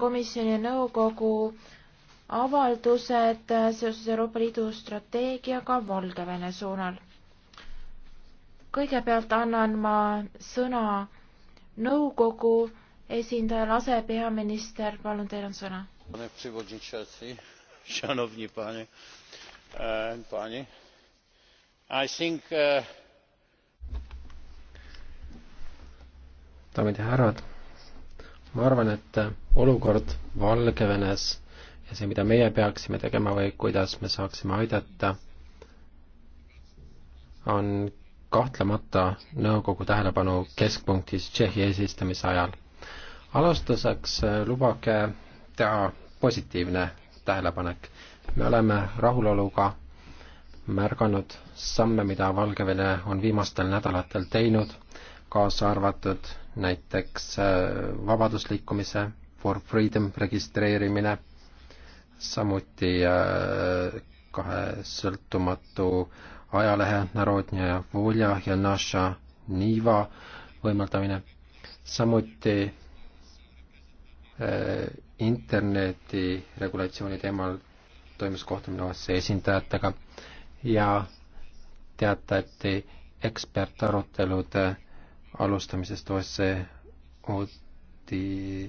komisjoni nõukogu avaldused seoses Euroopa Liidu strateegiaga Valgevene suunal. kõigepealt annan ma sõna nõukogu esindajale, asepeaminister, palun, teil on sõna. E, e, daamid ja härrad ma arvan, et olukord Valgevenes ja see, mida meie peaksime tegema või kuidas me saaksime aidata, on kahtlemata nõukogu tähelepanu keskpunktis Tšehhi eesistumise ajal. alustuseks eh, lubage teha positiivne tähelepanek. me oleme rahuloluga märganud samme, mida Valgevene on viimastel nädalatel teinud kaasa arvatud näiteks äh, vabadusliikumise for freedom registreerimine, samuti äh, kahe sõltumatu ajalehe Narodnja Volja ja Naša Niva võimaldamine, samuti äh, interneti regulatsiooni teemal toimus kohtumine OSCE esindajatega ja teatati ekspertarutelude alustamisest OSCE ODIHR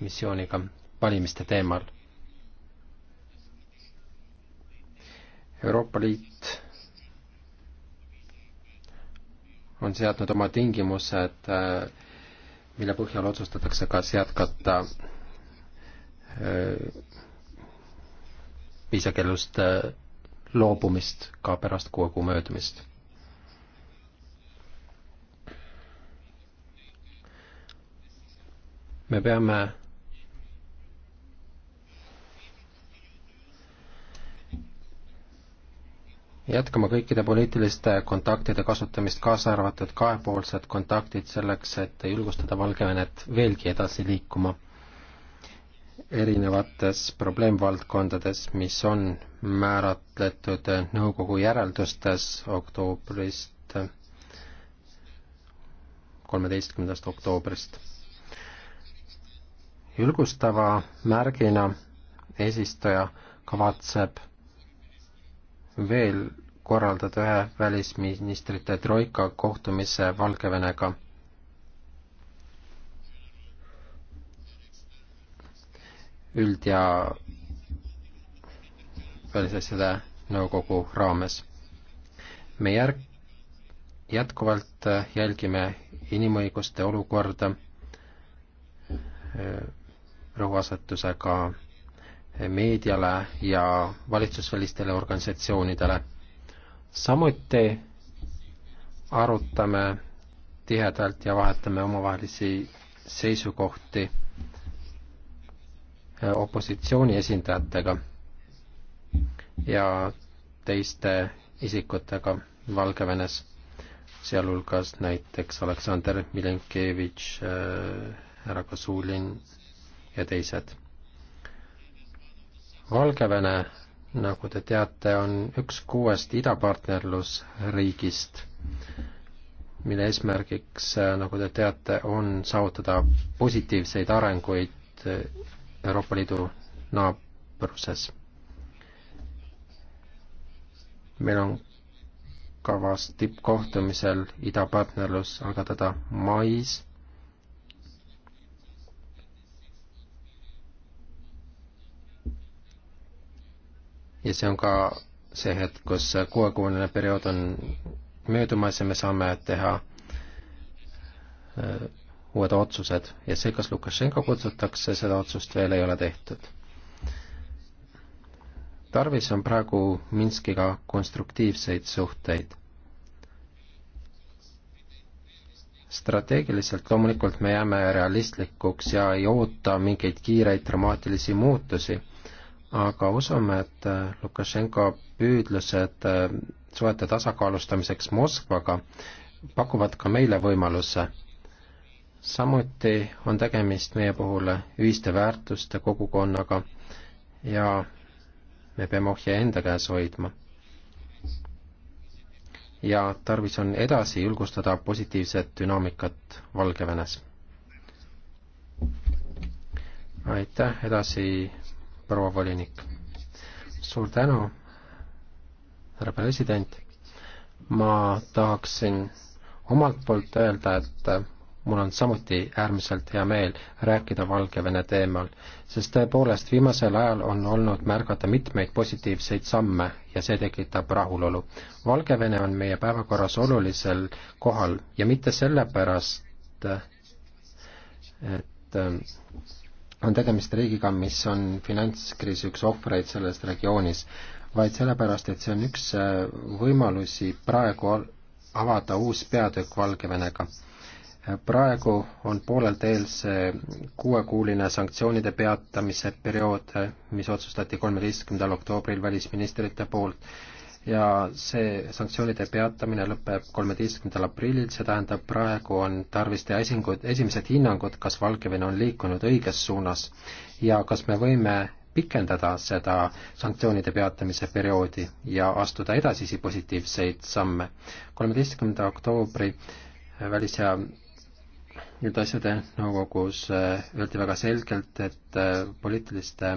missiooniga valimiste teemal. Euroopa Liit on seadnud oma tingimused, mille põhjal otsustatakse, kas jätkata äh, viisakeelust äh, loobumist ka pärast kuue kuu möödumist me peame jätkama kõikide poliitiliste kontaktide kasutamist, kaasa arvatud kahepoolsed kontaktid selleks, et julgustada Valgevenet veelgi edasi liikuma erinevates probleemvaldkondades, mis on määratletud nõukogu järeldustes oktoobrist, kolmeteistkümnendast oktoobrist julgustava märgina eesistuja kavatseb veel korraldada ühe välisministrite troika kohtumise Valgevenega. üld- ja välisasjade nõukogu raames. me järg-, jätkuvalt jälgime inimõiguste olukorda rõhuasetusega meediale ja valitsusvälistele organisatsioonidele. samuti arutame tihedalt ja vahetame omavahelisi seisukohti opositsiooni esindajatega ja teiste isikutega Valgevenes, sealhulgas näiteks Aleksandr Milenkevitš, äh, härra Kasulin ja teised. Valgevene, nagu te teate, on üks kuuest idapartnerlusriigist, mille eesmärgiks, nagu te teate, on saavutada positiivseid arenguid Euroopa Liidu naabruses. meil on kavas tippkohtumisel idapartnerlus algatada mais ja see on ka see hetk, kus kuuekuuline periood on möödumas ja me saame teha äh, uued otsused ja see, kas Lukašenko kutsutakse, seda otsust veel ei ole tehtud. tarvis on praegu Minskiga konstruktiivseid suhteid. strateegiliselt loomulikult me jääme realistlikuks ja ei oota mingeid kiireid dramaatilisi muutusi aga usume, et äh, Lukašenko püüdlused äh, suhete tasakaalustamiseks Moskvaga pakuvad ka meile võimaluse. samuti on tegemist meie puhul ühiste väärtuste kogukonnaga ja me peame ohje enda käes hoidma. ja tarvis on edasi julgustada positiivset dünaamikat Valgevenes. aitäh, edasi proua volinik. suur tänu, härra president. ma tahaksin omalt poolt öelda, et mul on samuti äärmiselt hea meel rääkida Valgevene teemal, sest tõepoolest viimasel ajal on olnud märgata mitmeid positiivseid samme ja see tekitab rahulolu. Valgevene on meie päevakorras olulisel kohal ja mitte sellepärast, et on tegemist riigiga, mis on finantskriisi üks ohvreid selles regioonis, vaid sellepärast, et see on üks äh, võimalusi praegu avada uus peatükk Valgevenega. praegu on poolel teel see kuuekuuline sanktsioonide peatamise periood, mis otsustati kolmeteistkümnendal oktoobril välisministrite poolt ja see sanktsioonide peatamine lõpeb kolmeteistkümnendal aprillil, see tähendab, praegu on tarvis teha esingud, esimesed hinnangud, kas Valgevene on liikunud õiges suunas ja kas me võime pikendada seda sanktsioonide peatamise perioodi ja astuda edasisi positiivseid samme. kolmeteistkümnenda oktoobri välis- ja nüüd asjade nõukogus äh, öeldi väga selgelt, et äh, poliitiliste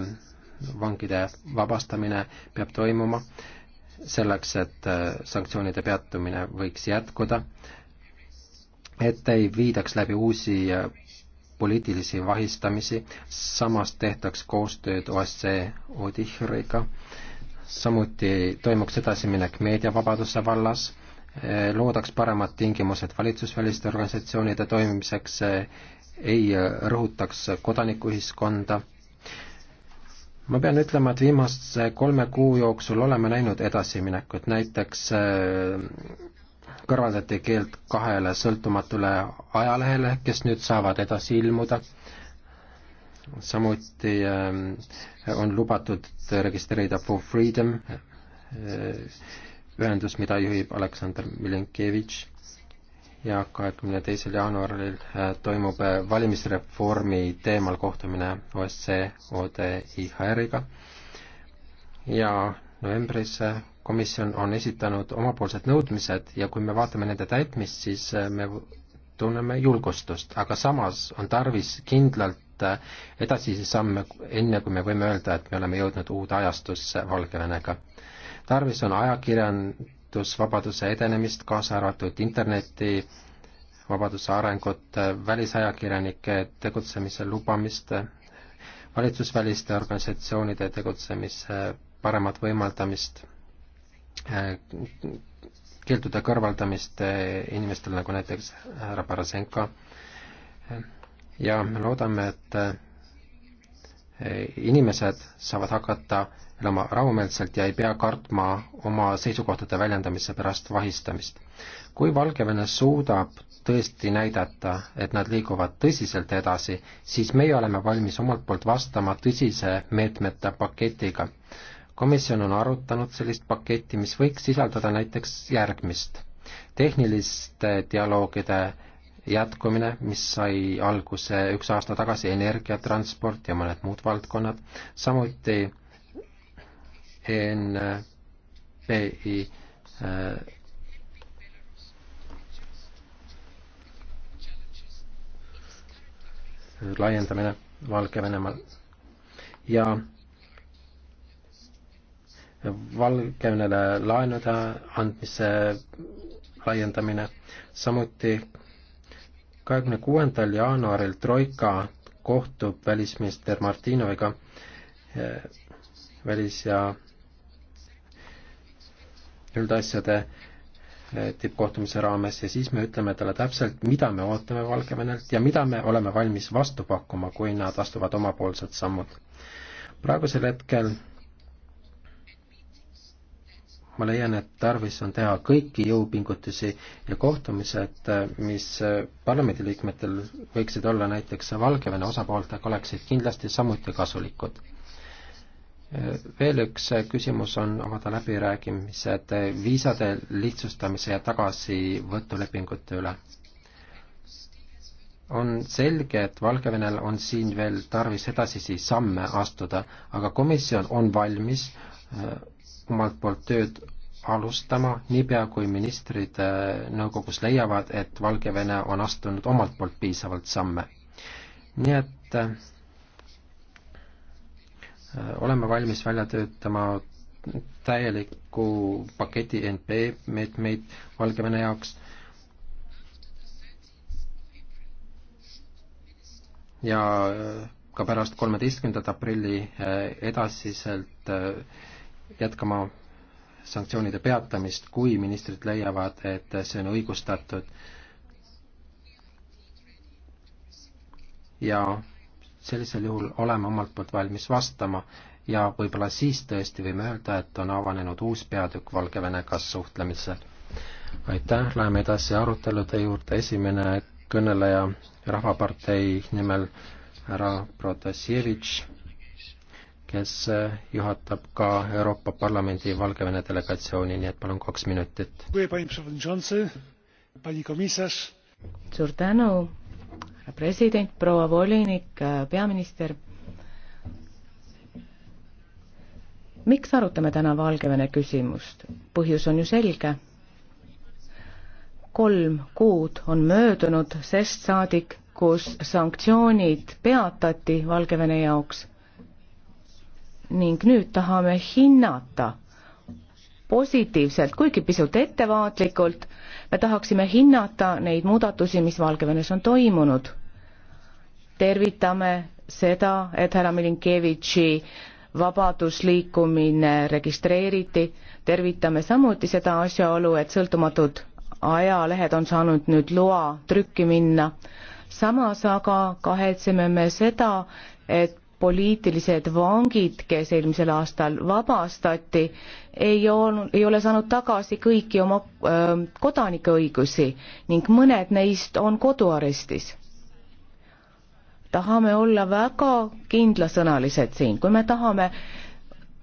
vangide vabastamine peab toimuma selleks, et äh, sanktsioonide peatumine võiks jätkuda, et ei viidaks läbi uusi äh, poliitilisi vahistamisi, samas tehtaks koostööd OSCE Odihriga, samuti toimuks edasiminek meediavabaduse vallas, äh, loodaks paremad tingimused valitsusväliste organisatsioonide toimimiseks, ei rõhutaks kodanikuühiskonda ma pean ütlema, et viimase kolme kuu jooksul oleme näinud edasiminekut, näiteks äh, kõrvaldati keeld kahele sõltumatule ajalehele, kes nüüd saavad edasi ilmuda. samuti äh, on lubatud registreerida For Freedom äh, ühendus, mida juhib Aleksandr Milinkevitš ja kahekümne teisel jaanuaril äh, toimub äh, valimisreformi teemal kohtumine OSCE ODIHR-iga ja novembris äh, komisjon on esitanud omapoolsed nõudmised ja kui me vaatame nende täitmist, siis me tunneme julgustust, aga samas on tarvis kindlalt edasisi samme, enne kui me võime öelda, et me oleme jõudnud uude ajastusse Valgevenega. tarvis on ajakirjan-, ajakirjandusvabaduse edenemist, kaasa arvatud interneti vabaduse arengut, välisajakirjanike tegutsemise lubamist, valitsusväliste organisatsioonide tegutsemise paremat võimaldamist, keeldude kõrvaldamist inimestel, nagu näiteks härra Barasenko, ja me loodame, et inimesed saavad hakata elama rahumeelselt ja ei pea kartma oma seisukohtade väljendamise pärast vahistamist. kui Valgevene suudab tõesti näidata, et nad liiguvad tõsiselt edasi, siis meie oleme valmis omalt poolt vastama tõsise meetmete paketiga. komisjon on arutanud sellist paketti, mis võiks sisaldada näiteks järgmist. tehniliste dialoogide jätkumine, mis sai alguse üks aasta tagasi, energia, transport ja mõned muud valdkonnad, samuti NPI äh, laiendamine Valgevenemaal ja Valgevenele laenude andmise laiendamine, samuti kahekümne kuuendal jaanuaril Troika kohtub välisminister Martinoviga eh, välis- ja üldasjade eh, tippkohtumise raames ja siis me ütleme talle täpselt, mida me ootame Valgevenelt ja mida me oleme valmis vastu pakkuma, kui nad astuvad omapoolsed sammud. praegusel hetkel ma leian, et tarvis on teha kõiki jõupingutusi ja kohtumised, mis parlamendiliikmetel võiksid olla näiteks Valgevene osapooltega, oleksid kindlasti samuti kasulikud. veel üks küsimus on omada läbirääkimised viisade lihtsustamise ja tagasivõtulepingute üle. on selge, et Valgevenel on siin veel tarvis edasisi samme astuda, aga komisjon on valmis omalt poolt tööd alustama, niipea kui ministrid äh, nõukogus leiavad, et Valgevene on astunud omalt poolt piisavalt samme. nii et äh, oleme valmis välja töötama täieliku paketi NP meetmeid Valgevene jaoks ja äh, ka pärast kolmeteistkümnendat aprilli edasiselt jätkama sanktsioonide peatamist, kui ministrid leiavad, et see on õigustatud. ja sellisel juhul oleme omalt poolt valmis vastama ja võib-olla siis tõesti võime öelda, et on avanenud uus peatükk Valgevenega suhtlemisel. aitäh, läheme edasi arutelude juurde, esimene kõneleja Rahvapartei nimel härra Protasevitš kes eh, juhatab ka Euroopa Parlamendi Valgevene delegatsiooni, nii et palun kaks minutit. suur tänu, härra president, proua volinik, eh, peaminister. miks arutame täna Valgevene küsimust? põhjus on ju selge. kolm kuud on möödunud sest saadik, kus sanktsioonid peatati Valgevene jaoks ning nüüd tahame hinnata positiivselt, kuigi pisut ettevaatlikult, me tahaksime hinnata neid muudatusi, mis Valgevenes on toimunud. tervitame seda, et härra Milinkevitši vabadusliikumine registreeriti, tervitame samuti seda asjaolu, et sõltumatud ajalehed on saanud nüüd loa trükki minna. samas aga kahetseme me seda, et poliitilised vangid, kes eelmisel aastal vabastati, ei olnud, ei ole saanud tagasi kõiki oma öö, kodanike õigusi ning mõned neist on koduarestis. tahame olla väga kindlasõnalised siin, kui me tahame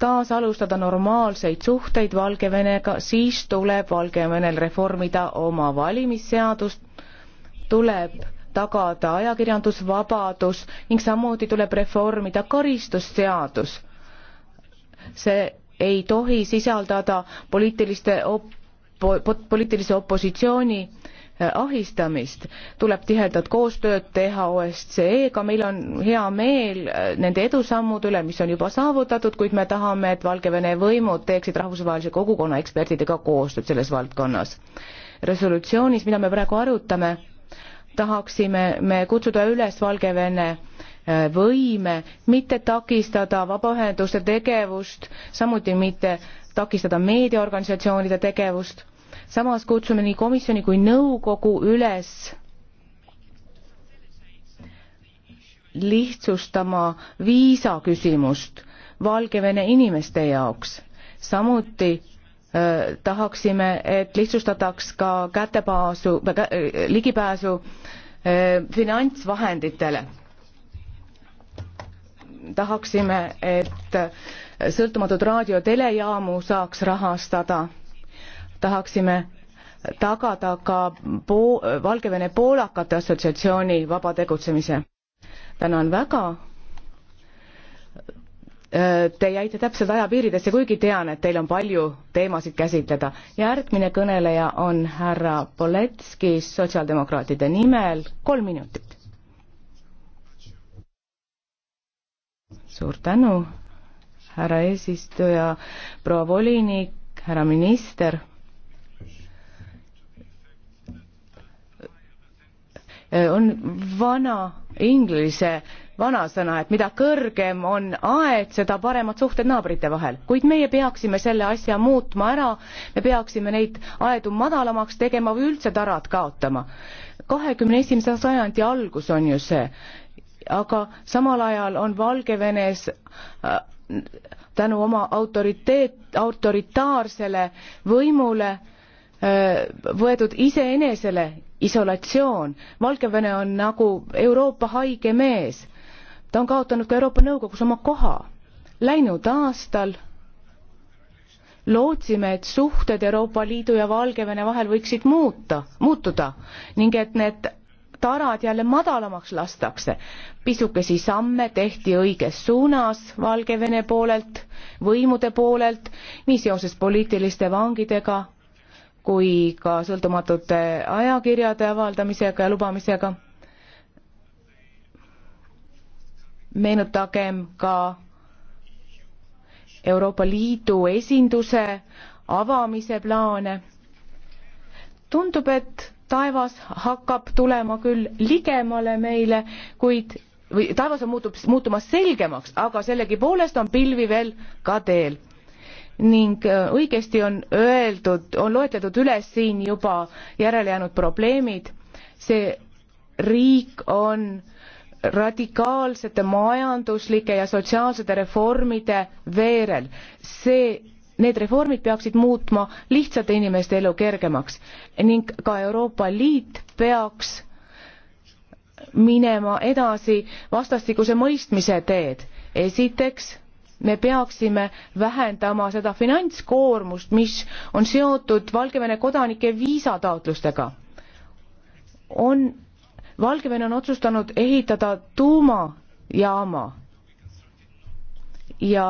taas alustada normaalseid suhteid Valgevenega, siis tuleb Valgevenel reformida oma valimisseadust, tuleb tagada ajakirjandusvabadus ning samuti tuleb reformida karistusseadus. see ei tohi sisaldada poliitiliste op-, poliitilise opositsiooni äh, ahistamist, tuleb tihedat koostööd teha OSCE-ga, meil on hea meel äh, nende edusammude üle, mis on juba saavutatud, kuid me tahame, et Valgevene võimud teeksid rahvusvahelise kogukonna ekspertidega koostööd selles valdkonnas. resolutsioonis, mida me praegu arutame, tahaksime me kutsuda üles Valgevene äh, võime mitte takistada vabaühenduste tegevust, samuti mitte takistada meediaorganisatsioonide tegevust. samas kutsume nii komisjoni kui nõukogu üles lihtsustama viisaküsimust Valgevene inimeste jaoks, samuti tahaksime, et lihtsustataks ka kättepaasu, ligipääsu finantsvahenditele. tahaksime, et sõltumatud raadio telejaamu saaks rahastada. tahaksime tagada ka po-, Valgevene poolakate assotsiatsiooni vaba tegutsemise. tänan väga Äh, te jäite täpselt ajapiiridesse, kuigi tean, et teil on palju teemasid käsitleda. järgmine kõneleja on härra Poletski sotsiaaldemokraatide nimel, kolm minutit. suur tänu, härra eesistuja, proua volinik, härra minister äh, on vana inglise vanasõna, et mida kõrgem on aed, seda paremad suhted naabrite vahel, kuid meie peaksime selle asja muutma ära, me peaksime neid aedu madalamaks tegema või üldse tarad kaotama. kahekümne esimese sajandi algus on ju see, aga samal ajal on Valgevenes äh, tänu oma autoriteet, autoritaarsele võimule äh, võetud iseenesele isolatsioon. Valgevene on nagu Euroopa haige mees ta on kaotanud ka Euroopa Nõukogus oma koha. Läinud aastal lootsime, et suhted Euroopa Liidu ja Valgevene vahel võiksid muuta, muutuda ning et need tarad jälle madalamaks lastakse. pisukesi samme tehti õiges suunas Valgevene poolelt, võimude poolelt, nii seoses poliitiliste vangidega kui ka sõltumatute ajakirjade avaldamisega ja lubamisega meenutagem ka Euroopa Liidu esinduse avamise plaane. tundub, et taevas hakkab tulema küll ligemale meile, kuid või taevas on muutub, muutumas selgemaks, aga sellegipoolest on pilvi veel ka teel. ning äh, õigesti on öeldud, on loetletud üles siin juba järelejäänud probleemid. see riik on äh, radikaalsete majanduslike ja sotsiaalsete reformide veerel. see, need reformid peaksid muutma lihtsate inimeste elu kergemaks ning ka Euroopa Liit peaks minema edasi vastastikuse mõistmise teed. esiteks me peaksime vähendama seda finantskoormust, mis on seotud Valgevene kodanike viisataotlustega. on Valgevene on otsustanud ehitada tuumajaama ja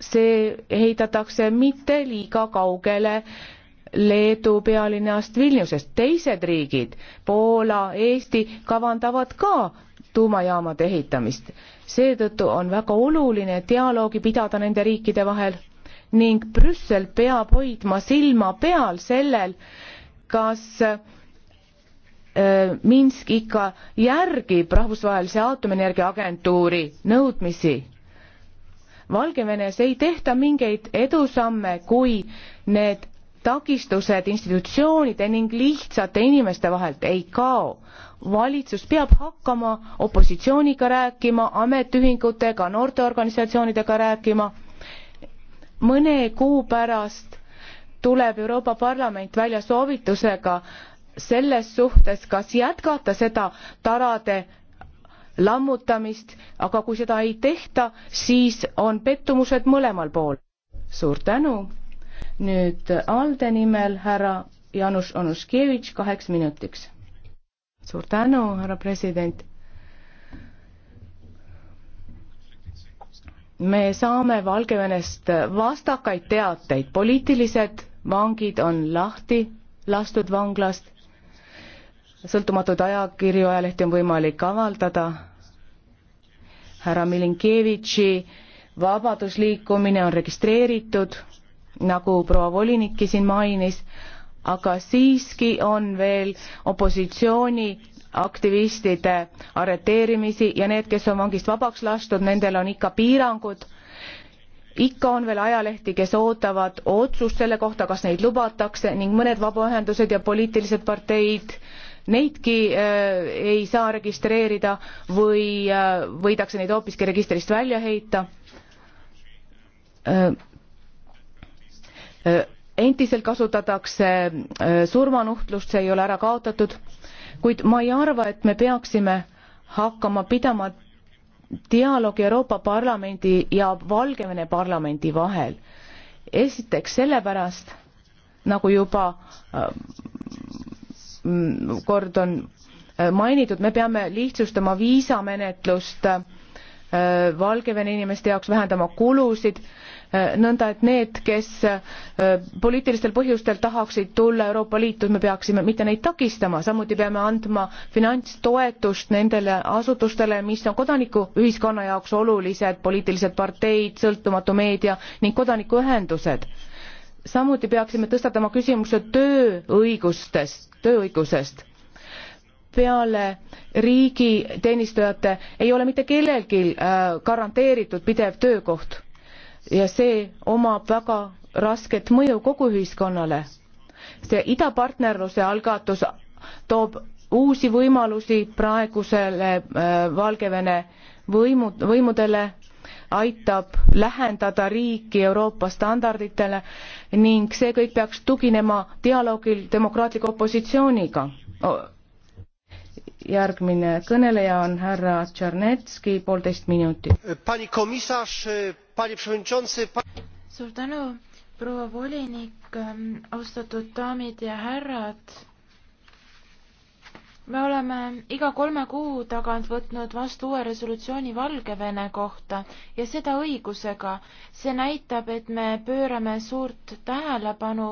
see ehitatakse mitte liiga kaugele Leedu pealinnast Vilniusest. teised riigid, Poola, Eesti, kavandavad ka tuumajaamade ehitamist. seetõttu on väga oluline dialoogi pidada nende riikide vahel ning Brüssel peab hoidma silma peal sellel, kas Minsk ikka järgib rahvusvahelise aatomienergia agentuuri nõudmisi. Valgevenes ei tehta mingeid edusamme, kui need takistused institutsioonide ning lihtsate inimeste vahelt ei kao. valitsus peab hakkama opositsiooniga rääkima, ametiühingutega, noorteorganisatsioonidega rääkima. mõne kuu pärast tuleb Euroopa Parlament välja soovitusega äh, selles suhtes, kas jätkata seda tarade lammutamist, aga kui seda ei tehta, siis on pettumused mõlemal pool. suur tänu. nüüd ALDE nimel härra Janus Onuškevitš kaheks minutiks. suur tänu, härra president. me saame Valgevenest vastakaid teateid, poliitilised vangid on lahti lastud vanglast sõltumatuid ajakirju, ajalehti on võimalik avaldada, härra Milinkevitši vabadusliikumine on registreeritud, nagu proua volinikki siin mainis, aga siiski on veel opositsiooni aktivistide arreteerimisi ja need, kes on vangist vabaks lastud, nendel on ikka piirangud. ikka on veel ajalehti, kes ootavad otsust selle kohta, kas neid lubatakse ning mõned vabaühendused ja poliitilised parteid äh, neidki äh, ei saa registreerida või äh, võidakse neid hoopiski registrist välja heita äh,. Äh, endiselt kasutatakse äh, surmanuhtlust, see ei ole ära kaotatud, kuid ma ei arva, et me peaksime hakkama pidama dialoogi Euroopa Parlamendi ja Valgevene parlamendi vahel. esiteks sellepärast, nagu juba äh, kord on äh, mainitud, me peame lihtsustama viisamenetlust äh, Valgevene inimeste jaoks, vähendama kulusid, äh, nõnda et need, kes poliitilistel põhjustel tahaksid tulla Euroopa Liitu, me peaksime mitte neid takistama, samuti peame andma finantstoetust nendele asutustele, mis on kodanikuühiskonna jaoks olulised, poliitilised parteid, sõltumatu meedia ning kodanikuühendused samuti peaksime tõstatama küsimuse tööõigustest, tööõigusest. peale riigiteenistujate ei ole mitte kellelgi äh, garanteeritud pidev töökoht ja see omab väga rasket mõju kogu ühiskonnale. see idapartnerluse algatus toob uusi võimalusi praegusele äh, Valgevene võimu, võimudele aitab lähendada riiki Euroopa standarditele ning see kõik peaks tuginema dialoogil demokraatliku opositsiooniga. järgmine kõneleja on härra Tšernetski, poolteist minutit. suur tänu, proua volinik, austatud daamid ja härrad me oleme iga kolme kuu tagant võtnud vastu uue resolutsiooni Valgevene kohta ja seda õigusega. see näitab, et me pöörame suurt tähelepanu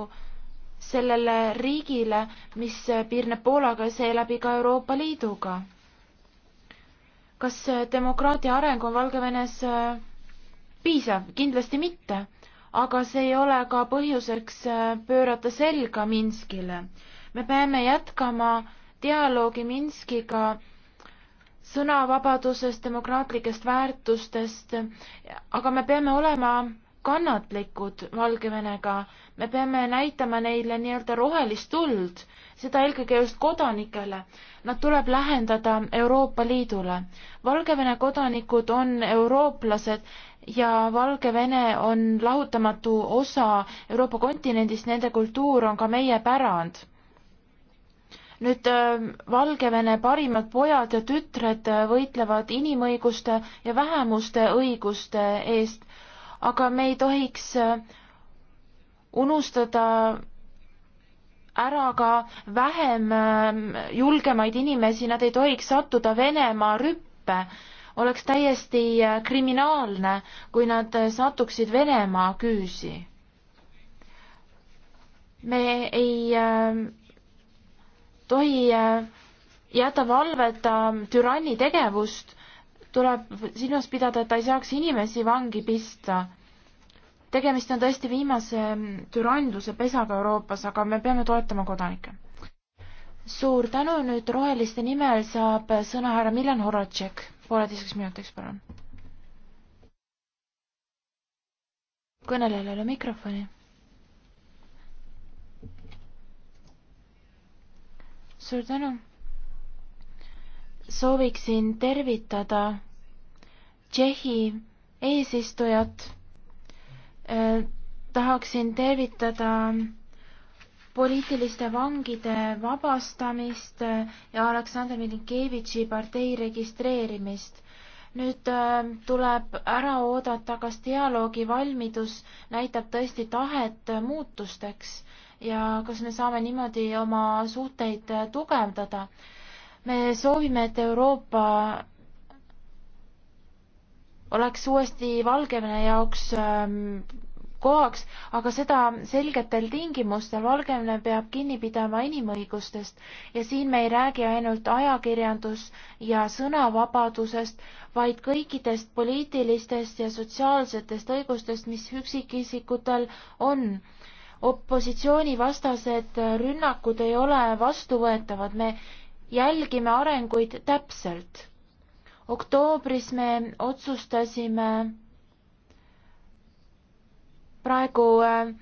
sellele riigile, mis piirneb Poolaga ja seeläbi ka Euroopa Liiduga. kas demokraatia areng on Valgevenes äh, piisav? kindlasti mitte, aga see ei ole ka põhjuseks äh, pöörata selga Minskile. me peame jätkama dialoogi Minskiga sõnavabadusest, demokraatlikest väärtustest, aga me peame olema kannatlikud Valgevenega, me peame näitama neile nii-öelda rohelist tuld, seda eelkõige just kodanikele. Nad tuleb lähendada Euroopa Liidule. Valgevene kodanikud on eurooplased ja Valgevene on lahutamatu osa Euroopa kontinendist, nende kultuur on ka meie pärand nüüd ähm, Valgevene parimad pojad ja tütred äh, võitlevad inimõiguste ja vähemuste õiguste eest, aga me ei tohiks äh, unustada ära ka vähem ähm, julgemaid inimesi, nad ei tohiks sattuda Venemaa rüppe. oleks täiesti äh, kriminaalne, kui nad satuksid Venemaa küüsi. me ei ähm, tohi äh, jätta valveta türanni tegevust, tuleb silmas pidada, et ta ei saaks inimesi vangi pista. tegemist on tõesti viimase ähm, türandluse pesaga Euroopas, aga me peame toetama kodanikke. suur tänu, nüüd Roheliste nimel saab sõna härra Milan Horacek, pooleteiseks minutiks, palun. kõnelejale mikrofoni suur tänu. sooviksin tervitada Tšehhi eesistujat. Äh, tahaksin tervitada poliitiliste vangide vabastamist äh, ja Aleksandr Milinkevitši partei registreerimist. nüüd äh, tuleb ära oodata, kas dialoogi valmidus näitab tõesti tahet muutusteks ja kas me saame niimoodi oma suhteid tugevdada. me soovime, et Euroopa oleks uuesti Valgevene jaoks ähm, kohaks, aga seda selgetel tingimustel. Valgevene peab kinni pidama inimõigustest ja siin me ei räägi ainult ajakirjandus- ja sõnavabadusest, vaid kõikidest poliitilistest ja sotsiaalsetest õigustest, mis üksikisikutel on opositsioonivastased rünnakud ei ole vastuvõetavad, me jälgime arenguid täpselt. oktoobris me otsustasime praegu äh,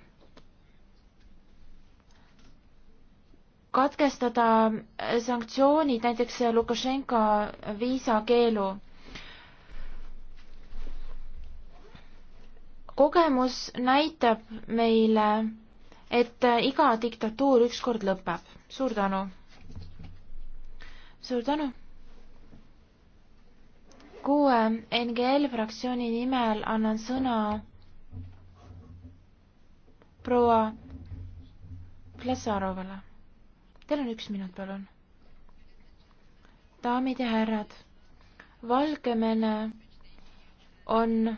katkestada äh, sanktsioonid, näiteks Lukašenka viisakeelu. kogemus näitab meile, et äh, iga diktatuur ükskord lõpeb. suur tänu! suur tänu! kuue NGL fraktsiooni nimel annan sõna proua Plesarovale. Teil on üks minut, palun. daamid ja härrad, Valgevene on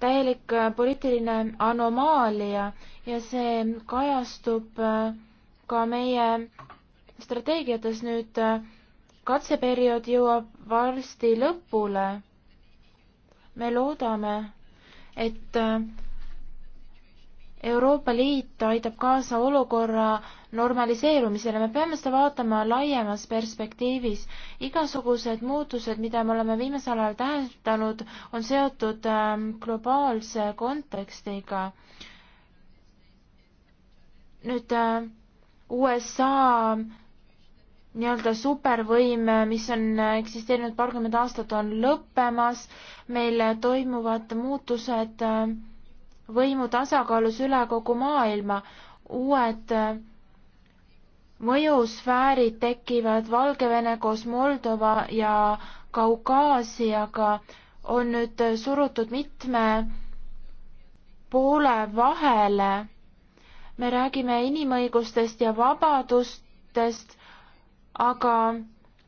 täielik äh, poliitiline anomaalia ja see kajastub äh, ka meie strateegiates nüüd äh, katseperiood jõuab varsti lõpule. me loodame, et Euroopa Liit aitab kaasa olukorra normaliseerumisele, me peame seda vaatama laiemas perspektiivis. igasugused muutused, mida me oleme viimasel ajal täheldanud, on seotud ähm, globaalse kontekstiga. nüüd ähm, USA ähm, nii-öelda supervõim, äh, mis on äh, eksisteerinud paarkümmend aastat, on lõppemas, meil äh, toimuvad muutused võimu tasakaalus üle kogu maailma, uued mõjusfäärid tekivad Valgevene koos Moldova ja Kaukaasiaga, on nüüd surutud mitme poole vahele. me räägime inimõigustest ja vabadustest, aga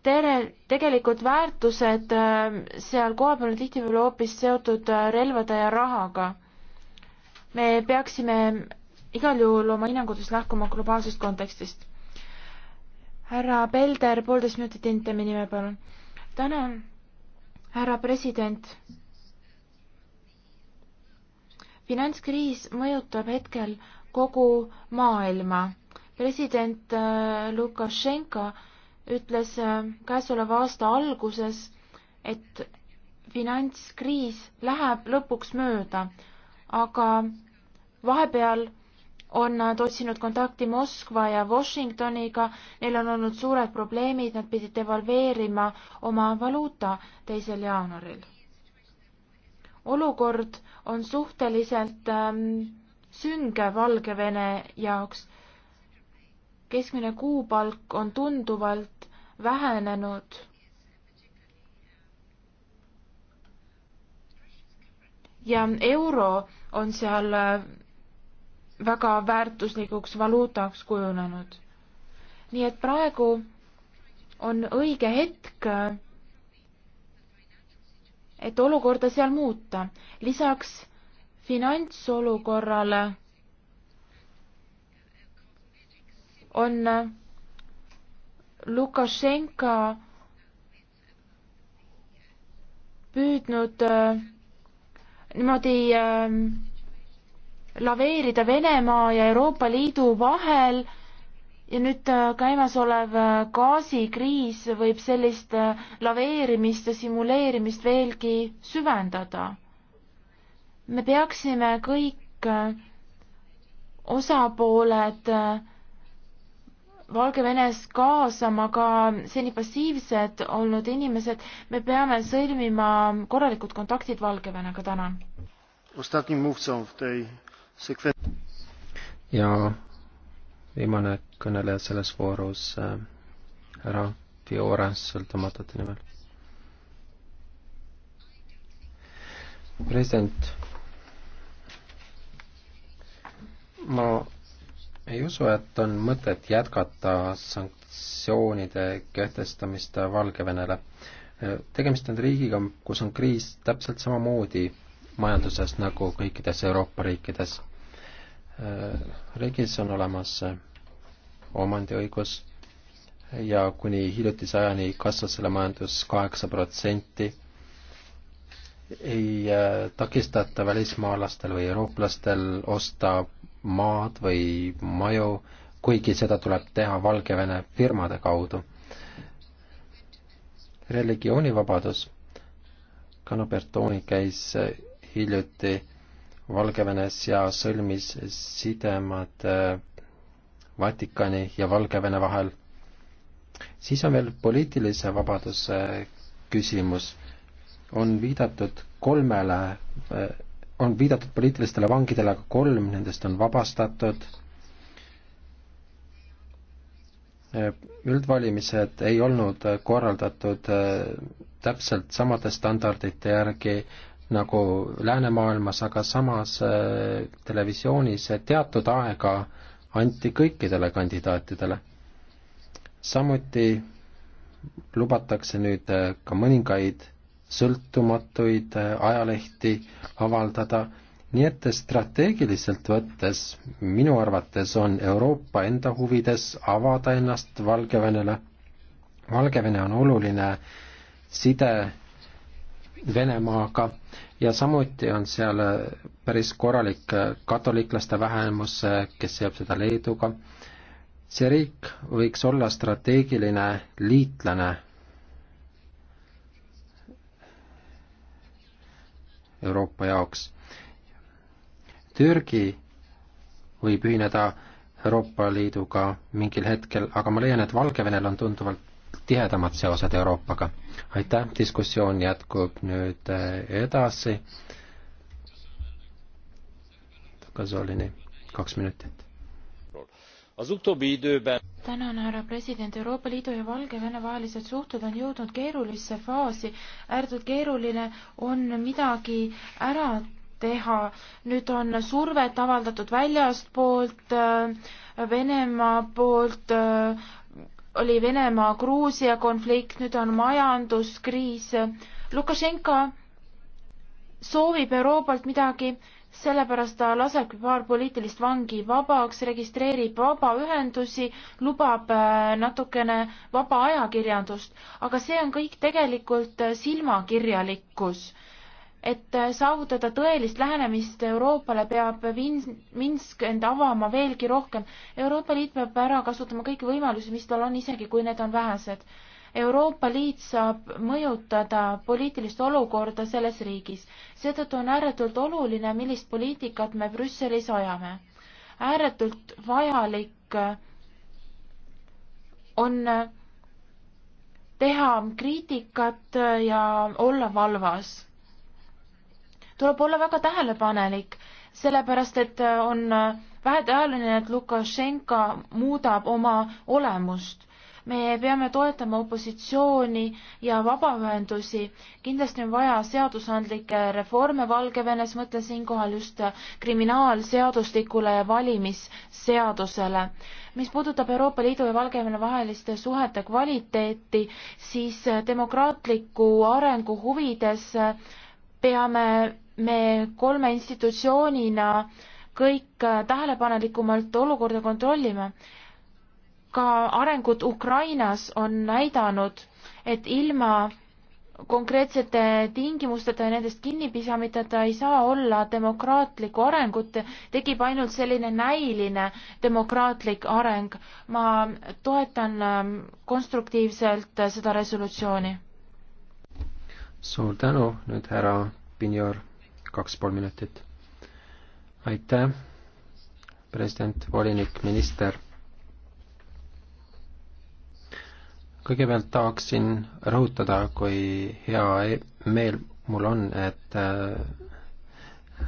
tere, tegelikult väärtused äh, seal kohapeal on tihtipeale hoopis seotud äh, relvade ja rahaga. me peaksime igal juhul oma hinnangutes lähkuma globaalsest kontekstist härra Pelder, poolteist minutit Intemi nime, palun. tänan, härra president. finantskriis mõjutab hetkel kogu maailma. president äh, Lukašenka ütles äh, käesoleva aasta alguses, et finantskriis läheb lõpuks mööda, aga vahepeal on nad otsinud kontakti Moskva ja Washingtoniga, neil on olnud suured probleemid, nad pidid devalveerima oma valuuta teisel jaanuaril. olukord on suhteliselt ähm, sünge Valgevene jaoks. keskmine kuupalk on tunduvalt vähenenud. ja euro on seal äh, väga väärtuslikuks valuutaks kujunenud. nii et praegu on õige hetk, et olukorda seal muuta. lisaks finantsolukorrale on Lukašenka püüdnud äh, niimoodi äh, laveerida Venemaa ja Euroopa Liidu vahel ja nüüd äh, käimasolev äh, gaasikriis võib sellist äh, laveerimist ja simuleerimist veelgi süvendada. me peaksime kõik osapooled Valgevenes kaasama ka seni passiivsed olnud inimesed, me peame sõlmima korralikud kontaktid Valgevenega, tänan. ostatnim mówcą w tej ja viimane kõneleja selles voorus äh,, härra Fiora sõltumatute nimel. president, ma ei usu, et on mõtet jätkata sanktsioonide kehtestamist Valgevenele. Äh, tegemist on riigiga, kus on kriis täpselt samamoodi majanduses nagu kõikides Euroopa riikides. Äh, riigis on olemas äh, omandiõigus ja kuni hiljutise ajani kasvas selle majandus kaheksa protsenti. ei äh, takistata välismaalastel või eurooplastel osta maad või maju, kuigi seda tuleb teha Valgevene firmade kaudu. religioonivabadus Cano Bertoni käis hiljuti Valgevenes ja sõlmis sidemad äh, Vatikani ja Valgevene vahel. siis on veel poliitilise vabaduse küsimus. on viidatud kolmele, äh, on viidatud poliitilistele vangidele, aga kolm nendest on vabastatud äh, üldvalimised ei olnud korraldatud täpselt samade standardite järgi nagu läänemaailmas, aga samas äh, televisioonis teatud aega anti kõikidele kandidaatidele. samuti lubatakse nüüd äh, ka mõningaid sõltumatuid äh, ajalehti avaldada, nii et strateegiliselt võttes minu arvates on Euroopa enda huvides avada ennast Valgevenele. Valgevene on oluline side Venemaaga ja samuti on seal äh, päris korralik äh, katoliklaste vähemus, äh, kes seob seda Leeduga. see riik võiks olla strateegiline liitlane Euroopa jaoks. Türgi võib ühineda Euroopa Liiduga mingil hetkel, aga ma leian, et Valgevenel on tunduvalt tihedamad seosed Euroopaga aitäh, diskussioon jätkub nüüd äh, edasi. Kasolini, kaks minutit. tänan, härra president, Euroopa Liidu ja Valgevene vahelised suhted on jõudnud keerulisse faasi, ääretult keeruline on midagi ära teha. nüüd on survet avaldatud väljastpoolt, äh, Venemaa poolt, äh, oli Venemaa-Gruusia konflikt, nüüd on majanduskriis. Lukašenka soovib Euroopalt midagi, sellepärast ta lasebki paar poliitilist vangi vabaks, registreerib vabaühendusi, lubab äh, natukene vaba ajakirjandust, aga see on kõik tegelikult äh, silmakirjalikkus et äh, saavutada tõelist lähenemist Euroopale, peab Minsk end avama veelgi rohkem. Euroopa Liit peab ära kasutama kõiki võimalusi, mis tal on, isegi kui need on vähesed. Euroopa Liit saab mõjutada poliitilist olukorda selles riigis. seetõttu on ääretult oluline, millist poliitikat me Brüsselis ajame. ääretult vajalik äh, on äh, teha kriitikat ja olla valvas tuleb olla väga tähelepanelik, sellepärast et äh, on äh, vähetõenäoline, et Lukašenka muudab oma olemust. me peame toetama opositsiooni ja vabaühendusi, kindlasti on vaja seadusandlikke reforme Valgevenes, mõtlen siinkohal just äh, kriminaalseadustikule ja valimisseadusele. mis puudutab Euroopa Liidu ja Valgevene vaheliste suhete kvaliteeti, siis demokraatliku arengu huvides peame me kolme institutsioonina kõik tähelepanelikumalt olukorda kontrollime. ka arengud Ukrainas on näidanud, et ilma konkreetsete tingimusteta ja nendest kinnipisamiteta ei saa olla demokraatlikku arengut, tekib ainult selline näiline demokraatlik areng. ma toetan ähm, konstruktiivselt seda resolutsiooni. suur tänu, nüüd härra Pinjor kaks pool minutit. aitäh, president, volinik, minister. kõigepealt tahaksin rõhutada, kui hea e- meel mul on, et äh,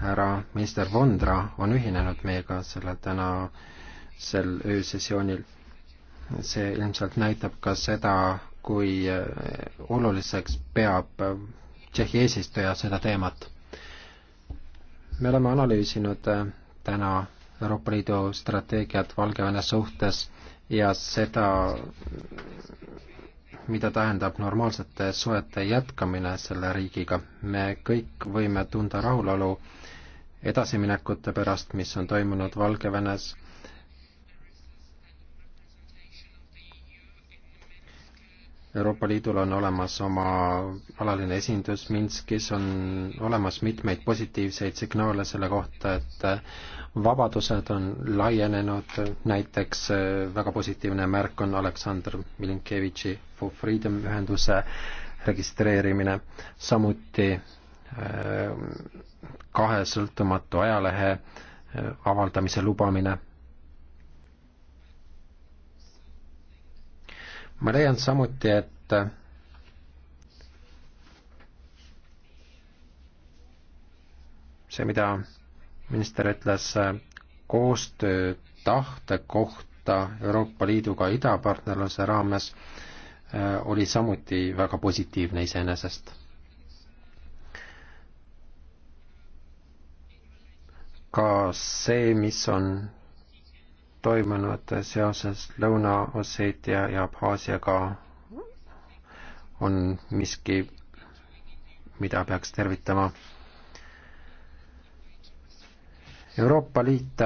härra minister Vondra on ühinenud meiega selle tänasel öösessioonil. see ilmselt näitab ka seda, kui äh, oluliseks peab äh, Tšehhi eesistuja seda teemat me oleme analüüsinud äh, täna Euroopa Liidu strateegiat Valgevene suhtes ja seda, mida tähendab normaalsete suhete jätkamine selle riigiga. me kõik võime tunda rahulolu edasiminekute pärast, mis on toimunud Valgevenes Euroopa Liidul on olemas oma alaline esindus Minskis, on olemas mitmeid positiivseid signaale selle kohta, et vabadused on laienenud, näiteks äh, väga positiivne märk on Aleksandr Milinkevitši For Freedom ühenduse registreerimine, samuti äh, kahe sõltumatu ajalehe äh, avaldamise lubamine ma leian samuti, et äh, see, mida minister ütles äh, koostöö tahte kohta Euroopa Liiduga idapartnerluse raames, äh, oli samuti väga positiivne iseenesest. ka see, mis on toimunud seoses Lõuna-Osseetia ja Abhaasiaga on miski, mida peaks tervitama. Euroopa Liit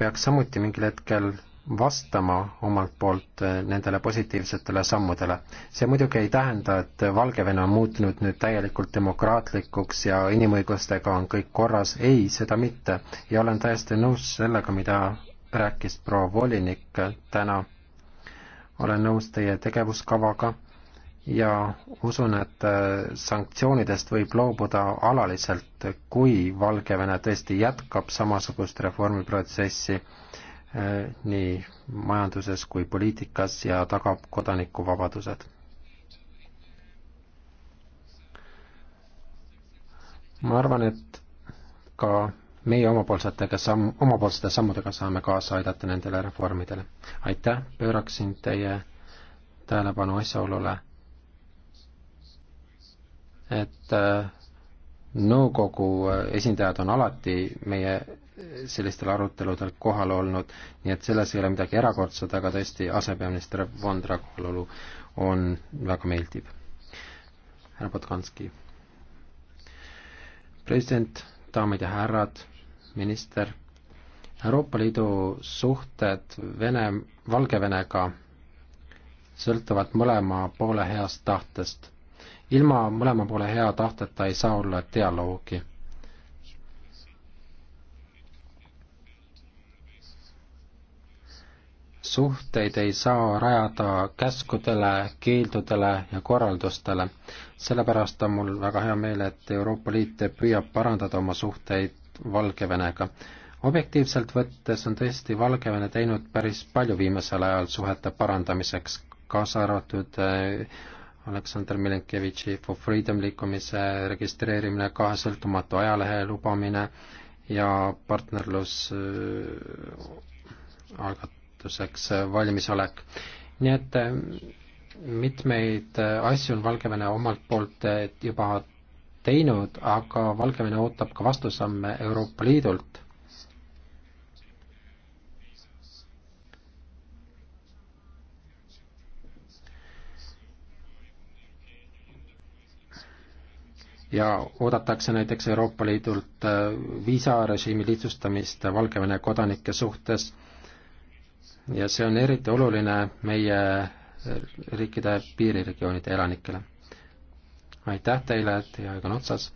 peaks samuti mingil hetkel vastama omalt poolt nendele positiivsetele sammudele. see muidugi ei tähenda, et Valgevene on muutunud nüüd täielikult demokraatlikuks ja inimõigustega on kõik korras, ei, seda mitte. ja olen täiesti nõus sellega, mida rääkis proua volinik täna. olen nõus teie tegevuskavaga ja usun, et äh, sanktsioonidest võib loobuda alaliselt, kui Valgevene tõesti jätkab samasugust reformiprotsessi äh, nii majanduses kui poliitikas ja tagab kodanikuvabadused. ma arvan, et ka meie omapoolsetega samm, omapoolsete sammudega saame kaasa aidata nendele reformidele. aitäh, pööraksin teie tähelepanu asjaolule, et äh, nõukogu äh, esindajad on alati meie äh, sellistel aruteludel kohal olnud, nii et selles ei ole midagi erakordset, aga tõesti asepeaminister Vondra kohalolu on väga meeldiv. härra Potkanski. president daamid ja härrad, minister. Euroopa Liidu suhted Vene, Valgevenega sõltuvad mõlema poole heast tahtest. ilma mõlema poole hea tahteta ei saa olla dialoogi suhteid ei saa rajada käskudele, keeldudele ja korraldustele. sellepärast on mul väga hea meel, et Euroopa Liit püüab parandada oma suhteid Valgevenega. objektiivselt võttes on tõesti Valgevene teinud päris palju viimasel ajal suhete parandamiseks, kaasa arvatud äh, Aleksandr Milenkevitši For Freedom liikumise registreerimine, kahe sõltumatu ajalehe lubamine ja partnerlus äh, algat-, toetuseks valmisolek. nii et eh, mitmeid eh, asju on Valgevene omalt poolt eh, juba teinud, aga Valgevene ootab ka vastusamme Euroopa Liidult. ja oodatakse näiteks Euroopa Liidult viisarežiimi lihtsustamist Valgevene kodanike suhtes ja see on eriti oluline meie riikide piiriregioonide elanikele. aitäh teile, teie aeg on otsas.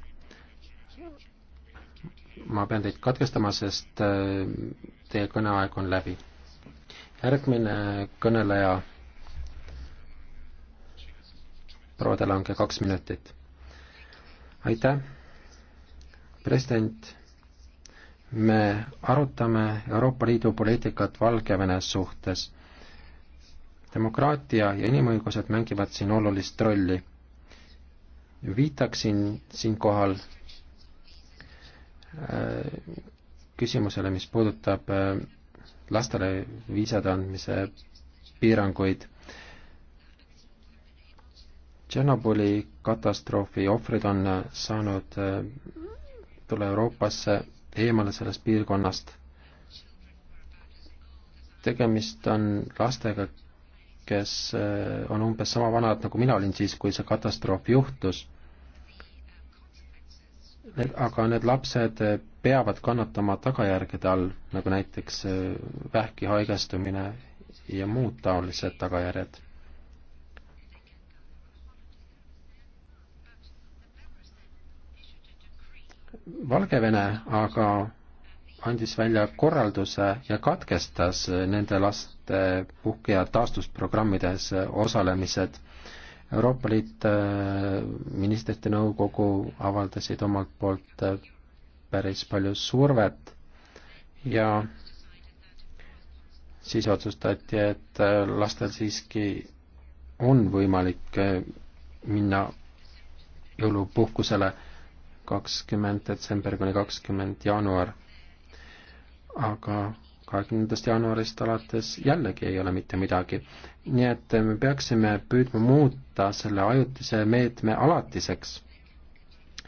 ma pean teid katkestama, sest äh, teie kõneaeg on läbi. järgmine kõneleja, proua Telange, kaks minutit. aitäh, president me arutame Euroopa Liidu poliitikat Valgevene suhtes. demokraatia ja inimõigused mängivad siin olulist rolli. viitaksin siinkohal äh, küsimusele, mis puudutab äh, lastele viisade andmise piiranguid. Tšernobõli katastroofi ohvrid on saanud äh, tulla Euroopasse eemale sellest piirkonnast. tegemist on lastega, kes äh, on umbes sama vanad, nagu mina olin siis, kui see katastroof juhtus. aga need lapsed äh, peavad kannatama tagajärgede all, nagu näiteks äh, vähki haigestumine ja muud taolised tagajärjed Valgevene aga andis välja korralduse ja katkestas nende laste puhke- ja taastusprogrammides osalemised. Euroopa Liit, äh, ministrite nõukogu avaldasid omalt poolt äh, päris palju survet ja siis otsustati, et äh, lastel siiski on võimalik minna jõulupuhkusele kakskümmend detsember kuni kakskümmend jaanuar. aga kahekümnendast jaanuarist alates jällegi ei ole mitte midagi. nii et me peaksime püüdma muuta selle ajutise meetme alatiseks,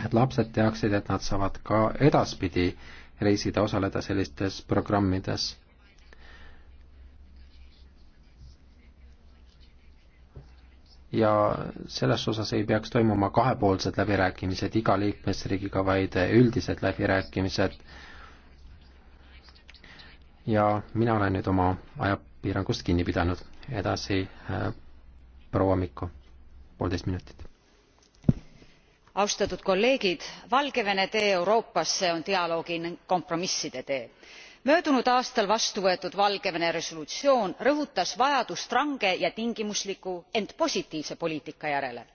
et lapsed teaksid, et nad saavad ka edaspidi reisida, osaleda sellistes programmides ja selles osas ei peaks toimuma kahepoolsed läbirääkimised iga liikmesriigiga, vaid üldised läbirääkimised. ja mina olen nüüd oma ajapiirangust kinni pidanud. edasi äh, proua Mikko, poolteist minutit. austatud kolleegid, Valgevene tee Euroopasse on dialoogi ning kompromisside tee möödunud aastal vastu võetud valgevene resolutsioon rõhutas vajadust range ja tingimusliku ent positiivse poliitika järele.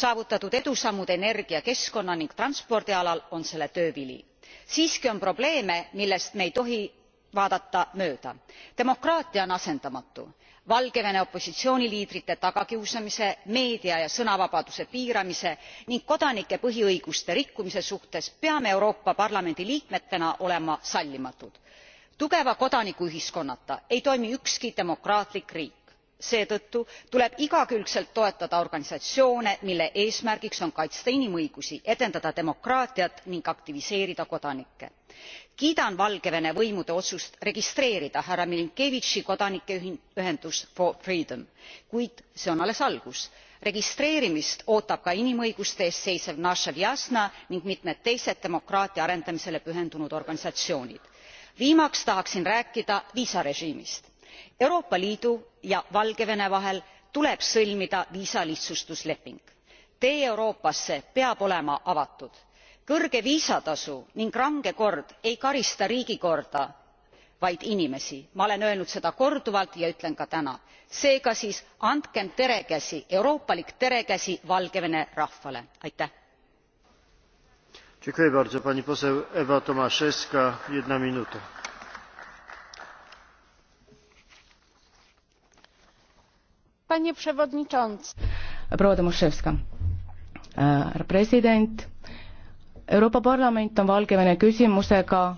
saavutatud edusammud energia keskkonna ning transpordi alal on selle töö vili. siiski on probleeme millest me ei tohi vaadata mööda. demokraatia on asendamatu valgevene opositsiooniliidrite tagakiusamise meedia ja sõnavabaduse piiramise ning kodanike põhiõiguste rikkumise suhtes peame euroopa parlamendi liikmetena olema sallimatud tugeva kodanikuühiskonnata ei toimi ükski demokraatlik riik. seetõttu tuleb igakülgselt toetada organisatsioone mille eesmärgiks on kaitsta inimõigusi edendada demokraatiat ning aktiviseerida kodanikke. kiidan valgevene võimude otsust registreerida härra milinkevitši kodanikuühendus for freedom kuid see on alles algus. registreerimist ootab ka inimõiguste eest seisev naša vjasna ning mitmed teised demokraatia arendamisele pühendunud organisatsioonid viimaks tahaksin rääkida viisarežiimist. euroopa liidu ja valgevene vahel tuleb sõlmida viisalihtsustusleping. tee euroopasse peab olema avatud. kõrge viisatasu ning range kord ei karista riigikorda vaid inimesi. ma olen öelnud seda korduvalt ja ütlen ka täna. seega siis andkem terekäsi euroopalik terekäsi valgevene rahvale! aitäh! panie przewodniczący! proua tomaševska härra president euroopa parlament on valgevene küsimusega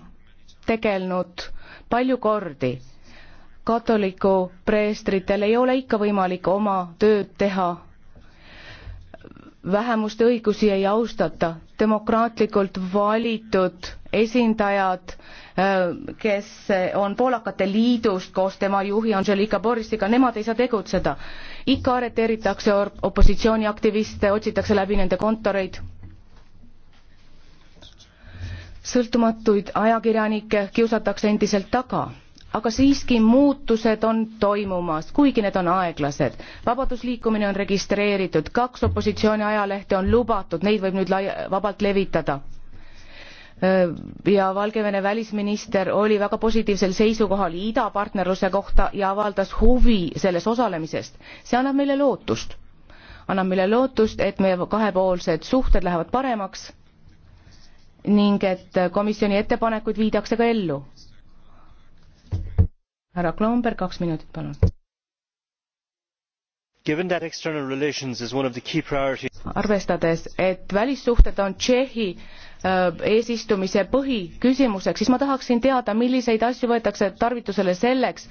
tegelenud palju kordi katoliku preestritel ei ole ikka võimalik oma tööd teha vähemuste õigusi ei austata, demokraatlikult valitud esindajad, äh, kes on poolakate liidust koos tema juhi Angelika Borisiga, nemad ei saa tegutseda. ikka arreteeritakse opositsiooniaktiviste, otsitakse läbi nende kontoreid. sõltumatuid ajakirjanikke kiusatakse endiselt taga aga siiski muutused on toimumas, kuigi need on aeglased. vabadusliikumine on registreeritud, kaks opositsiooni ajalehte on lubatud, neid võib nüüd laia-, vabalt levitada. ja Valgevene välisminister oli väga positiivsel seisukohal idapartnerluse kohta ja avaldas huvi selles osalemisest. see annab meile lootust. annab meile lootust, et meie kahepoolsed suhted lähevad paremaks ning et komisjoni ettepanekuid viidakse ka ellu härra Klomberg, kaks minutit, palun. arvestades, et välissuhted on Tšehhi äh, eesistumise põhiküsimuseks, siis ma tahaksin teada, milliseid asju võetakse tarvitusele selleks,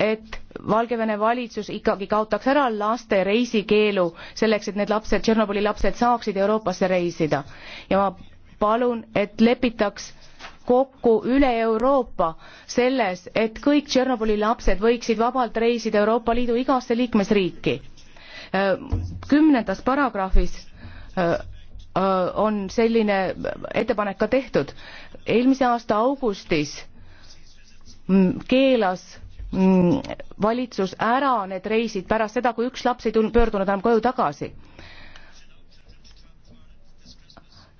et Valgevene valitsus ikkagi kaotaks ära laste reisikeelu selleks, et need lapsed, Tšernobõli lapsed saaksid Euroopasse reisida. ja ma palun, et lepitaks kokku üle Euroopa selles, et kõik Tšernobõli lapsed võiksid vabalt reisida Euroopa Liidu igasse liikmesriiki. Äh, kümnendas paragrahvis äh, äh, on selline ettepanek ka tehtud. eelmise aasta augustis mm, keelas mm, valitsus ära need reisid pärast seda, kui üks laps ei tulnud, pöördunud enam koju tagasi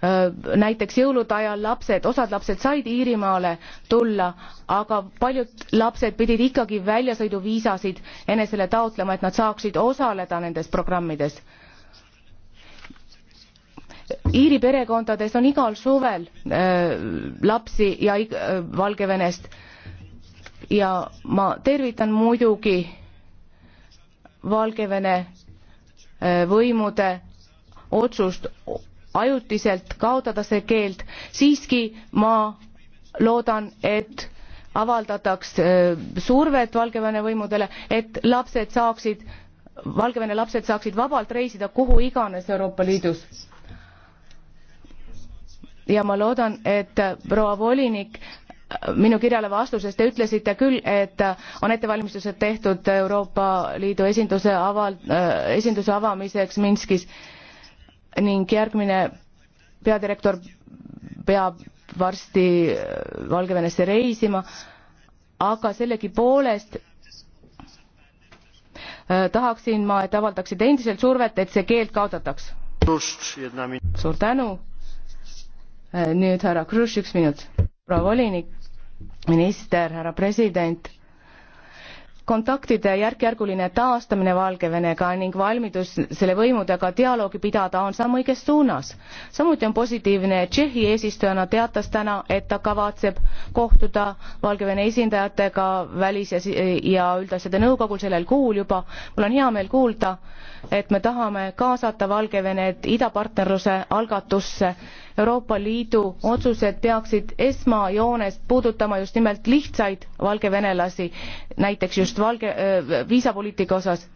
Äh, näiteks jõulude ajal lapsed, osad lapsed said Iirimaale tulla, aga paljud lapsed pidid ikkagi väljasõiduviisasid enesele taotlema, et nad saaksid osaleda nendes programmides. Iiri perekondades on igal suvel äh, lapsi ja äh, Valgevenest ja ma tervitan muidugi Valgevene äh, võimude otsust ajutiselt kaotada see keeld siiski ma loodan et avaldataks äh, survet valgevene võimudele et lapsed saaksid valgevene lapsed saaksid vabalt reisida kuhu iganes euroopa liidus ja ma loodan et äh, proua volinik äh, minu kirjale vastuses te ütlesite küll et on ettevalmistused tehtud euroopa liidu esinduse aval- esinduse avamiseks minskis ning järgmine peadirektor peab varsti äh, Valgevenesse reisima, aga sellegipoolest äh, tahaksin ma, et avaldaksid endiselt survet, et see keeld kaotataks. suur tänu. Äh, nüüd härra Kruš, üks minut. proua volinik, minister, härra president kontaktide järk-järguline taastamine Valgevenega ning valmidus selle võimudega dialoogi pidada on samm õiges suunas. samuti on positiivne, et Tšehhi eesistujana teatas täna, et ta kavatseb kohtuda Valgevene esindajatega välis- ja, ja üldasjade nõukogul sellel kuul juba. mul on hea meel kuulda, et me tahame kaasata Valgevenet idapartnerluse algatusse Euroopa Liidu otsused peaksid esmajoones puudutama just nimelt lihtsaid valgevenelasi, näiteks just valge, viisapoliitika osas.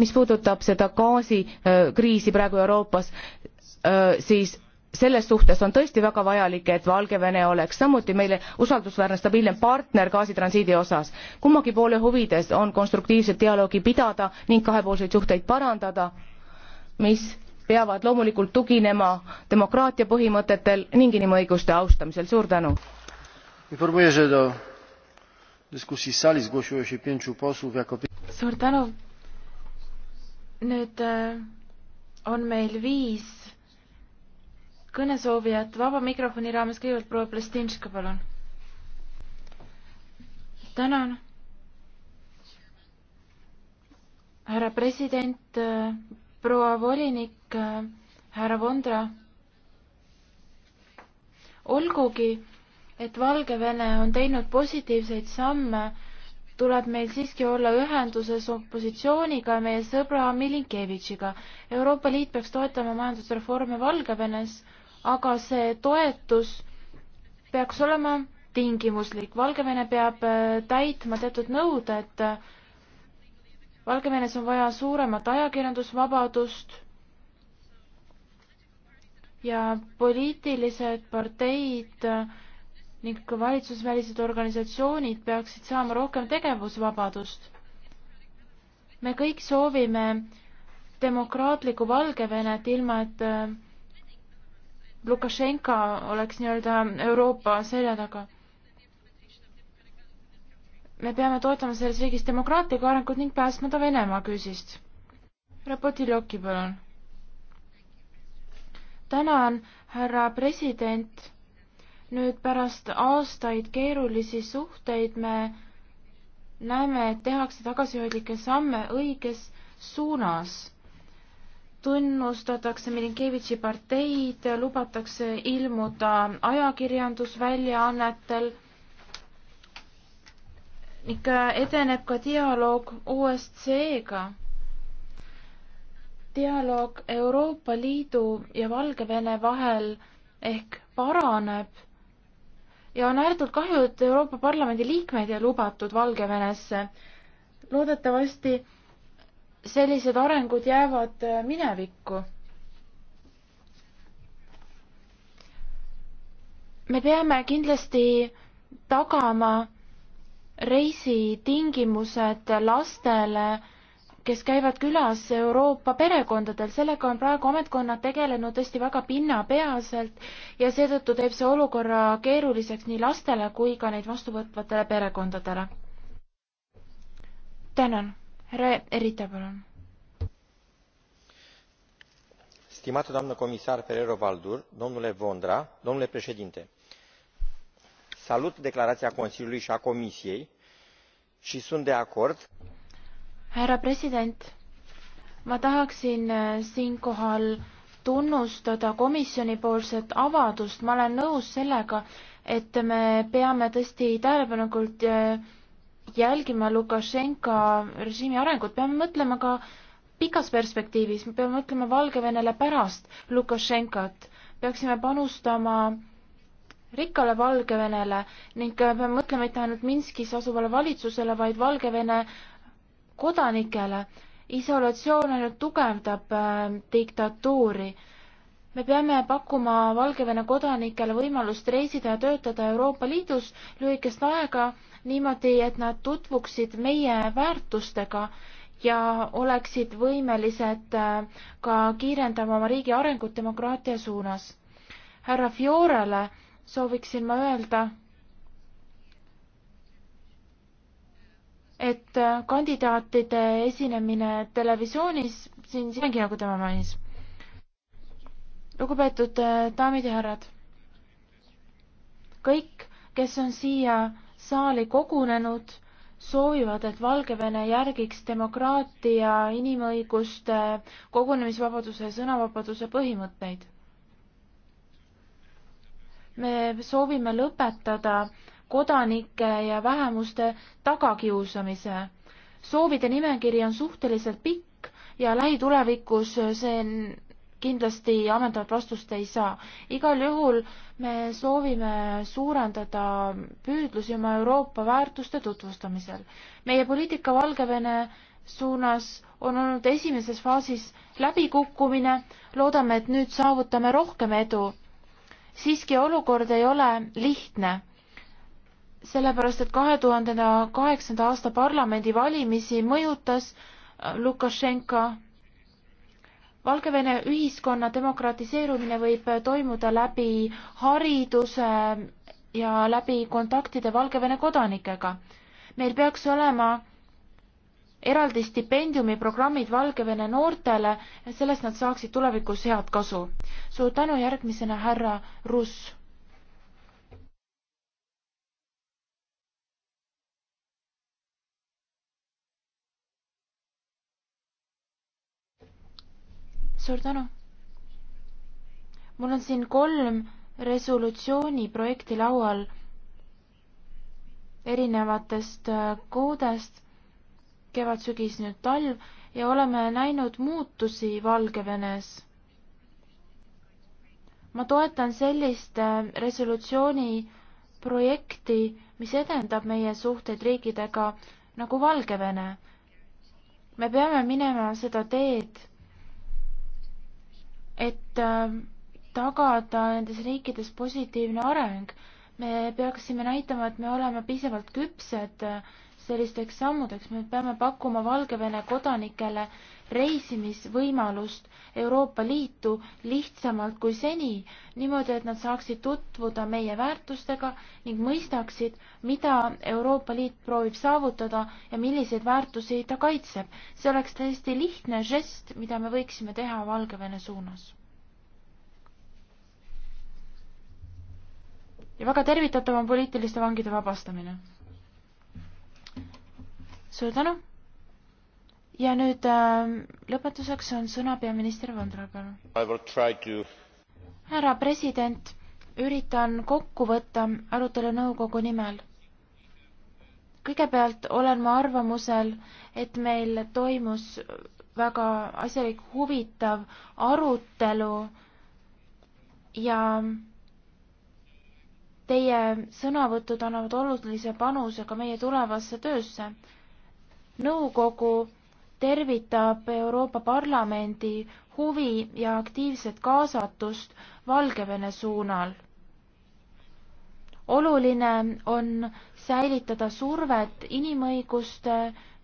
mis puudutab seda gaasikriisi praegu Euroopas, siis selles suhtes on tõesti väga vajalik et valgevene oleks samuti meile usaldusväärne stabiilne partner gaasitransiidi osas kummagi poole huvides on konstruktiivset dialoogi pidada ning kahepoolseid suhteid parandada mis peavad loomulikult tuginema demokraatia põhimõtetel ning inimõiguste austamisel. suur tänu! informuję że do dyskusji z sali zgłosiło się pięciu posłów jako Suur tänu. Nüüd e, on meil viis kõnesoovijat vaba mikrofoni raames kõigepealt proua Plestinska, palun. tänan. härra president e, proua volinik, äh, härra Vondra, olgugi, et Valgevene on teinud positiivseid samme, tuleb meil siiski olla ühenduses opositsiooniga ja meie sõbra Milinkevitšiga. Euroopa Liit peaks toetama majandusreforme Valgevenes, aga see toetus peaks olema tingimuslik. Valgevene peab äh, täitma teatud nõuded Valgevenes on vaja suuremat ajakirjandusvabadust ja poliitilised parteid ning ka valitsusvälised organisatsioonid peaksid saama rohkem tegevusvabadust. me kõik soovime demokraatlikku Valgevenet, ilma et äh, Lukašenka oleks nii-öelda Euroopa selja taga me peame toetama selles riigis demokraatlikku arengut ning päästma ta Venemaa küüsist. raporti Loki, palun. tänan, härra president. nüüd pärast aastaid keerulisi suhteid me näeme, et tehakse tagasihoidlikke samme õiges suunas. tunnustatakse Milinkevitši parteid, lubatakse ilmuda ajakirjandusväljaannetel ning äh, edeneb ka dialoog OSCE-ga. dialoog Euroopa Liidu ja Valgevene vahel ehk paraneb ja on ääretult kahju, et Euroopa Parlamendi liikmeid ei lubatud Valgevenesse. loodetavasti sellised arengud jäävad äh, minevikku. me peame kindlasti tagama reisitingimused lastele, kes käivad külas Euroopa perekondadel, sellega on praegu ametkonnad tegelenud tõesti väga pinnapeaselt ja seetõttu teeb see olukorra keeruliseks nii lastele kui ka neid vastuvõtvatele perekondadele. tänan, härra Erita, palun. Stimată doamnă comisar Ferrero Valdur, domnule Vondra, domnule președinte, salut declarația consiliului și a comisiei și sunt de acord härra president ma tahaksin eh, siinkohal tunnustada komisjonipoolset avadust ma olen nõus sellega et me peame tõesti tähelepanelikult eh, jälgima Lukašenka režiimi arengut, peame mõtlema ka pikas perspektiivis, me peame mõtlema Valgevenele pärast Lukašenkat, peaksime panustama rikkale Valgevenele ning äh, peame mõtlema mitte ainult Minskis asuvale valitsusele, vaid Valgevene kodanikele. isolatsioon ainult tugevdab äh, diktatuuri. me peame pakkuma Valgevene kodanikele võimalust reisida ja töötada Euroopa Liidus lühikest aega niimoodi, et nad tutvuksid meie väärtustega ja oleksid võimelised äh, ka kiirendama oma riigi arengut demokraatia suunas. härra Fiorele sooviksin ma öelda, et kandidaatide esinemine televisioonis siin siingi nagu tema mainis. lugupeetud äh, daamid ja härrad, kõik, kes on siia saali kogunenud, soovivad, et Valgevene järgiks demokraatia, inimõiguste, kogunemisvabaduse ja sõnavabaduse põhimõtteid me soovime lõpetada kodanike ja vähemuste tagakiusamise. soovide nimekiri on suhteliselt pikk ja lähitulevikus see kindlasti ammendavat vastust ei saa. igal juhul me soovime suurendada püüdlusi oma Euroopa väärtuste tutvustamisel. meie poliitika Valgevene suunas on olnud esimeses faasis läbikukkumine, loodame, et nüüd saavutame rohkem edu siiski olukord ei ole lihtne, sellepärast et kahe tuhande kaheksanda aasta parlamendivalimisi mõjutas äh, Lukašenka Valgevene ühiskonna demokratiseerumine võib äh, toimuda läbi hariduse äh, ja läbi kontaktide Valgevene kodanikega. meil peaks olema eraldi stipendiumiprogrammid Valgevene noortele, sellest nad saaksid tulevikus head kasu suur tänu, järgmisena härra Russ. suur tänu. mul on siin kolm resolutsiooni projekti laual erinevatest äh, kuudest, kevad, sügis, nüüd talv ja oleme näinud muutusi Valgevenes ma toetan sellist äh, resolutsiooni projekti, mis edendab meie suhteid riikidega nagu Valgevene. me peame minema seda teed, et äh, tagada nendes riikides positiivne areng. me peaksime näitama, et me oleme piisavalt küpsed äh, sellisteks sammudeks, me peame pakkuma Valgevene kodanikele reisimisvõimalust Euroopa Liitu lihtsamalt kui seni, niimoodi, et nad saaksid tutvuda meie väärtustega ning mõistaksid, mida Euroopa Liit proovib saavutada ja milliseid väärtusi ta kaitseb. see oleks täiesti lihtne žest, mida me võiksime teha Valgevene suunas. ja väga tervitatav on poliitiliste vangide vabastamine suur tänu. ja nüüd äh, lõpetuseks on sõna peaminister Vandragal. To... härra president, üritan kokku võtta arutelu nõukogu nimel. kõigepealt olen ma arvamusel, et meil toimus väga asjalik huvitav arutelu ja teie sõnavõtud annavad olulise panuse ka meie tulevasse töösse nõukogu tervitab Euroopa Parlamendi huvi ja aktiivset kaasatust Valgevene suunal. oluline on säilitada survet inimõiguste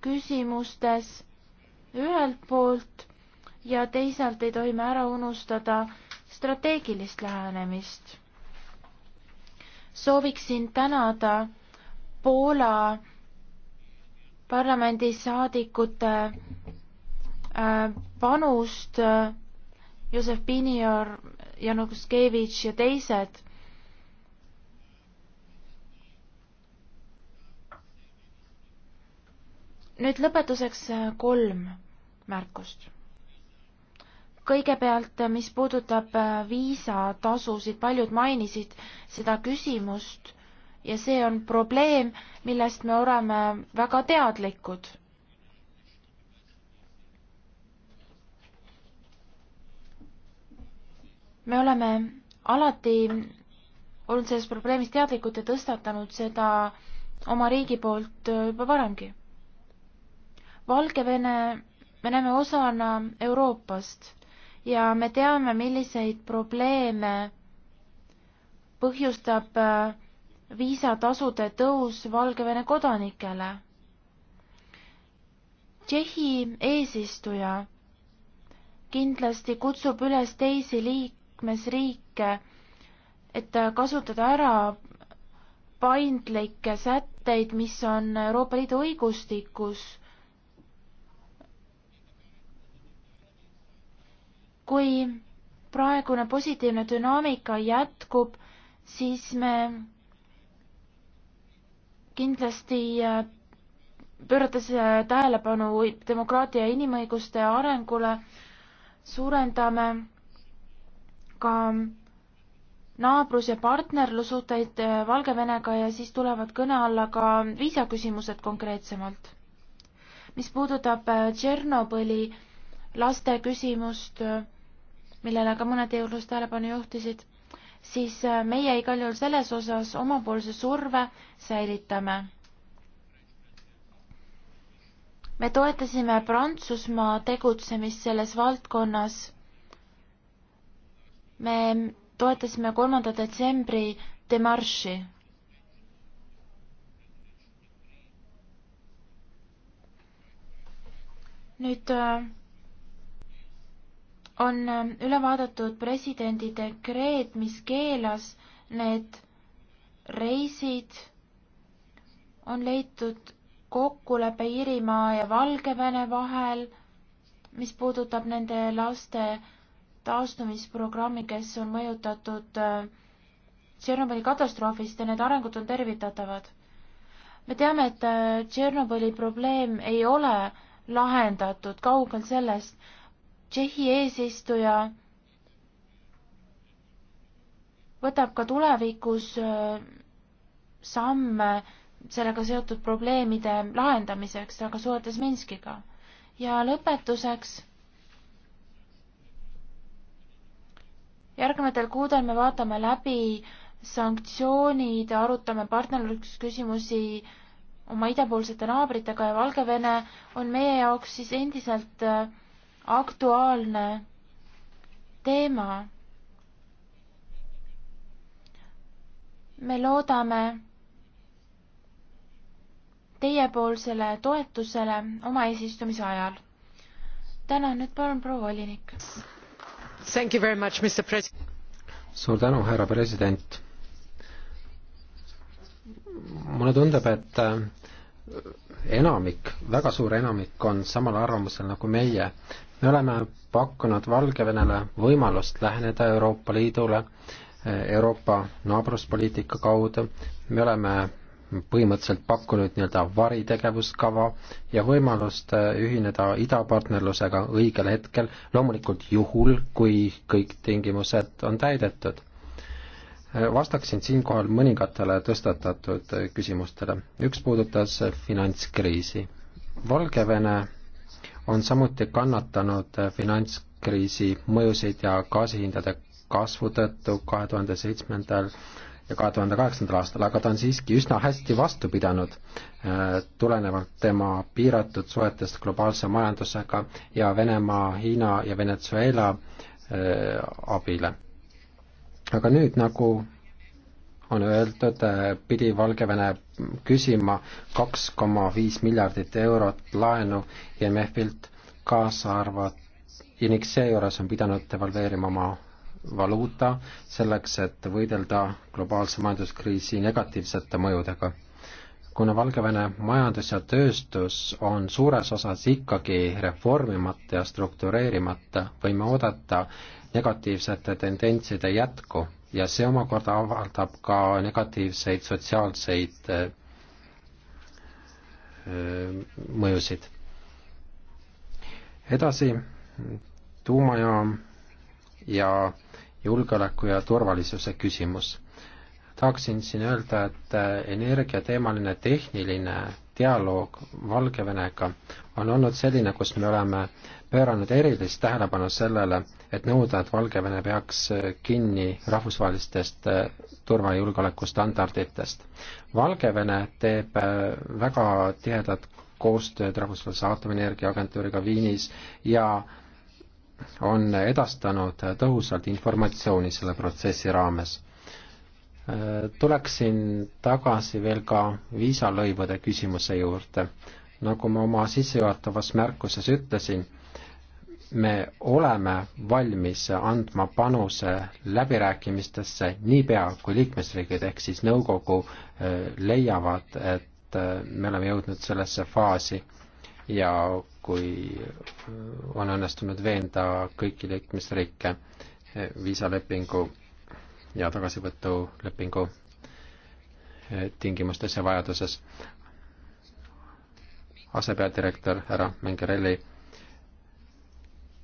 küsimustes ühelt poolt ja teisalt ei tohi me ära unustada strateegilist lähenemist. sooviksin tänada Poola parlamendisaadikute äh, panust, äh, Josef Pinior, Janukovskevitš ja teised. nüüd lõpetuseks äh, kolm märkust. kõigepealt, mis puudutab viisatasusid, paljud mainisid seda küsimust ja see on probleem, millest me oleme väga teadlikud. me oleme alati olnud sellest probleemist teadlikud ja tõstatanud seda oma riigi poolt juba varemgi. Valgevene me näeme osana Euroopast ja me teame, milliseid probleeme põhjustab äh, viisatasude tõus Valgevene kodanikele. Tšehhi eesistuja kindlasti kutsub üles teisi liikmesriike, et kasutada ära paindlikke sätteid, mis on Euroopa Liidu õigustikus. kui praegune positiivne dünaamika jätkub, siis me kindlasti äh, pöörates äh, tähelepanu demokraatia ja inimõiguste arengule, suurendame ka naabrus- ja partnerlussuhteid äh, Valgevenega ja siis tulevad kõne alla ka viisaküsimused konkreetsemalt. mis puudutab Tšernobõli laste küsimust, millele ka mõned jõulus tähelepanu juhtisid siis äh, meie igal juhul selles osas omapoolse surve säilitame. me toetasime Prantsusmaa tegutsemist selles valdkonnas. me toetasime kolmanda detsembri demarši. nüüd äh, on ähm, üle vaadatud presidendi dekreet, mis keelas need reisid, on leitud kokkulepe Iirimaa ja Valgevene vahel, mis puudutab nende laste taastumisprogrammi, kes on mõjutatud äh, Tšernobõli katastroofist ja need arengud on tervitatavad. me teame, et äh, Tšernobõli probleem ei ole lahendatud, kaugel sellest Tšehhi eesistuja võtab ka tulevikus äh, samme sellega seotud probleemide lahendamiseks, aga suhetes Minskiga. ja lõpetuseks. järgnevatel kuudel me vaatame läbi sanktsioonid, arutame partnerlusküsimusi oma idapoolsete naabritega ja Valgevene on meie jaoks siis endiselt äh, aktuaalne teema. me loodame teiepoolsele toetusele oma eesistumise ajal. tänan, nüüd palun proua volinik. suur tänu, härra president. mulle tundub, et äh, enamik, väga suur enamik on samal arvamusel nagu meie me oleme pakkunud Valgevenele võimalust läheneda Euroopa Liidule Euroopa naabruspoliitika kaudu, me oleme põhimõtteliselt pakkunud nii-öelda varitegevuskava ja võimalust äh, ühineda idapartnerlusega õigel hetkel, loomulikult juhul, kui kõik tingimused on täidetud. Äh, vastaksin siinkohal mõningatele tõstatatud äh, küsimustele. üks puudutas finantskriisi. Valgevene on samuti kannatanud äh, finantskriisi mõjusid ja gaasihindade kasvu tõttu kahe tuhande seitsmendal ja kahe tuhande kaheksandal aastal, aga ta on siiski üsna hästi vastu pidanud, äh, tulenevalt tema piiratud suhetest globaalse majandusega ja Venemaa, Hiina ja Venezuela äh, abile. aga nüüd, nagu on öeldud, pidi Valgevene küsima kaks koma viis miljardit eurot laenu IMF-ilt, kaasa arvat-, ja ning seejuures on pidanud devalveerima oma valuuta selleks, et võidelda globaalse majanduskriisi negatiivsete mõjudega. kuna Valgevene majandus ja tööstus on suures osas ikkagi reformimata ja struktureerimata, võime oodata negatiivsete tendentside jätku ja see omakorda avaldab ka negatiivseid sotsiaalseid äh, mõjusid. edasi, tuumajaam ja julgeoleku ja turvalisuse küsimus. tahaksin siin öelda, et energiateemaline tehniline dialoog Valgevenega on olnud selline, kus me oleme äh, pööranud erilist tähelepanu sellele, et nõuda, et Valgevene peaks kinni rahvusvahelistest äh, turvajulgeoleku standarditest. Valgevene teeb äh, väga tihedat koostööd Rahvusvahelise Aatomienergia Agentuuriga Viinis ja on edastanud tõhusalt informatsiooni selle protsessi raames. Äh, tuleksin tagasi veel ka viisalõivude küsimuse juurde. nagu ma oma sissejuhatavas märkuses ütlesin, me oleme valmis andma panuse läbirääkimistesse niipea, kui liikmesriigid ehk siis nõukogu eh, leiavad, et eh, me oleme jõudnud sellesse faasi ja kui eh, on õnnestunud veenda kõiki liikmesriike viisalepingu ja tagasivõtulepingu tingimustes ja vajaduses. asepeadirektor härra Mengerelli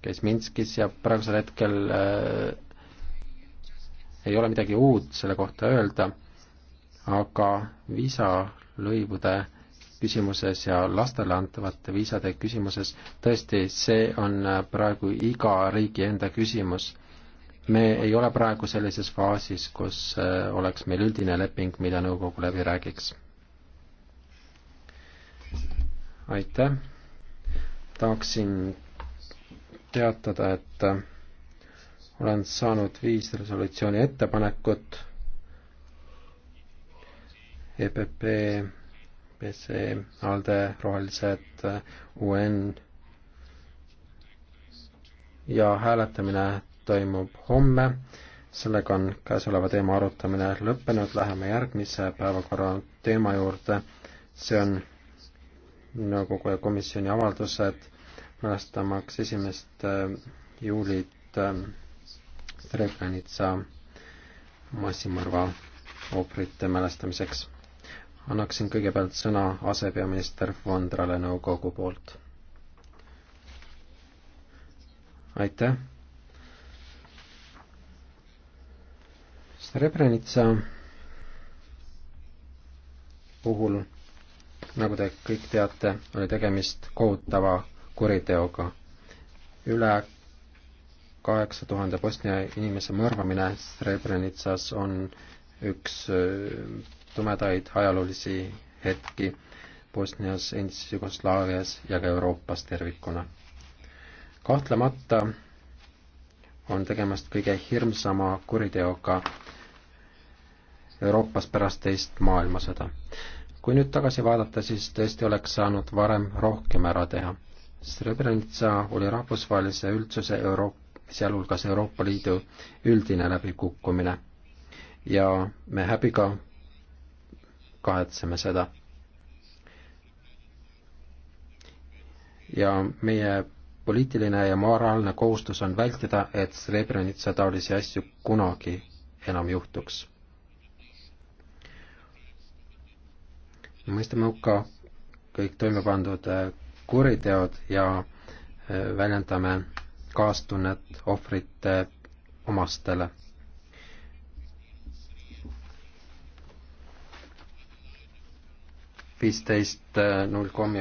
kes Minskis ja praegusel hetkel äh, ei ole midagi uut selle kohta öelda, aga viisalõivude küsimuses ja lastele antavate viisade küsimuses, tõesti, see on äh, praegu iga riigi enda küsimus. me ei ole praegu sellises faasis, kus äh, oleks meil üldine leping, mida nõukogu läbi räägiks. aitäh, tahaksin teatada, et äh, olen saanud viis resolutsiooni ettepanekut EPP, PC, ALDE, Rohelised, äh, UN ja hääletamine toimub homme. sellega on käesoleva teema arutamine lõppenud, läheme järgmise päevakorra teema juurde. see on nõukogu ja komisjoni avaldused mälestamaks esimest äh, juulit äh, Srebrenica massimõrva ohvrite mälestamiseks. annaksin kõigepealt sõna asepeaminister Vandrale nõukogu poolt. aitäh. Srebrenica puhul, nagu te kõik teate, oli tegemist kohutava kuriteoga. üle kaheksa tuhande Bosnia inimese mõrvamine Srebrenitsas on üks äh, tumedaid ajaloolisi hetki Bosnias, endises Jugoslaavias ja ka Euroopas tervikuna. kahtlemata on tegemist kõige hirmsama kuriteoga Euroopas pärast teist maailmasõda. kui nüüd tagasi vaadata, siis tõesti oleks saanud varem rohkem ära teha Srebrenica oli rahvusvahelise üldsuse Euroop-, sealhulgas Euroopa Liidu üldine läbikukkumine ja me häbiga kahetseme seda. ja meie poliitiline ja moraalne kohustus on vältida, et Srebrenica taolisi asju kunagi enam juhtuks. mõistame hukka kõik toime pandud äh, kuriteod ja e, väljendame kaastunnet ohvrite omastele. viisteist e, null kolm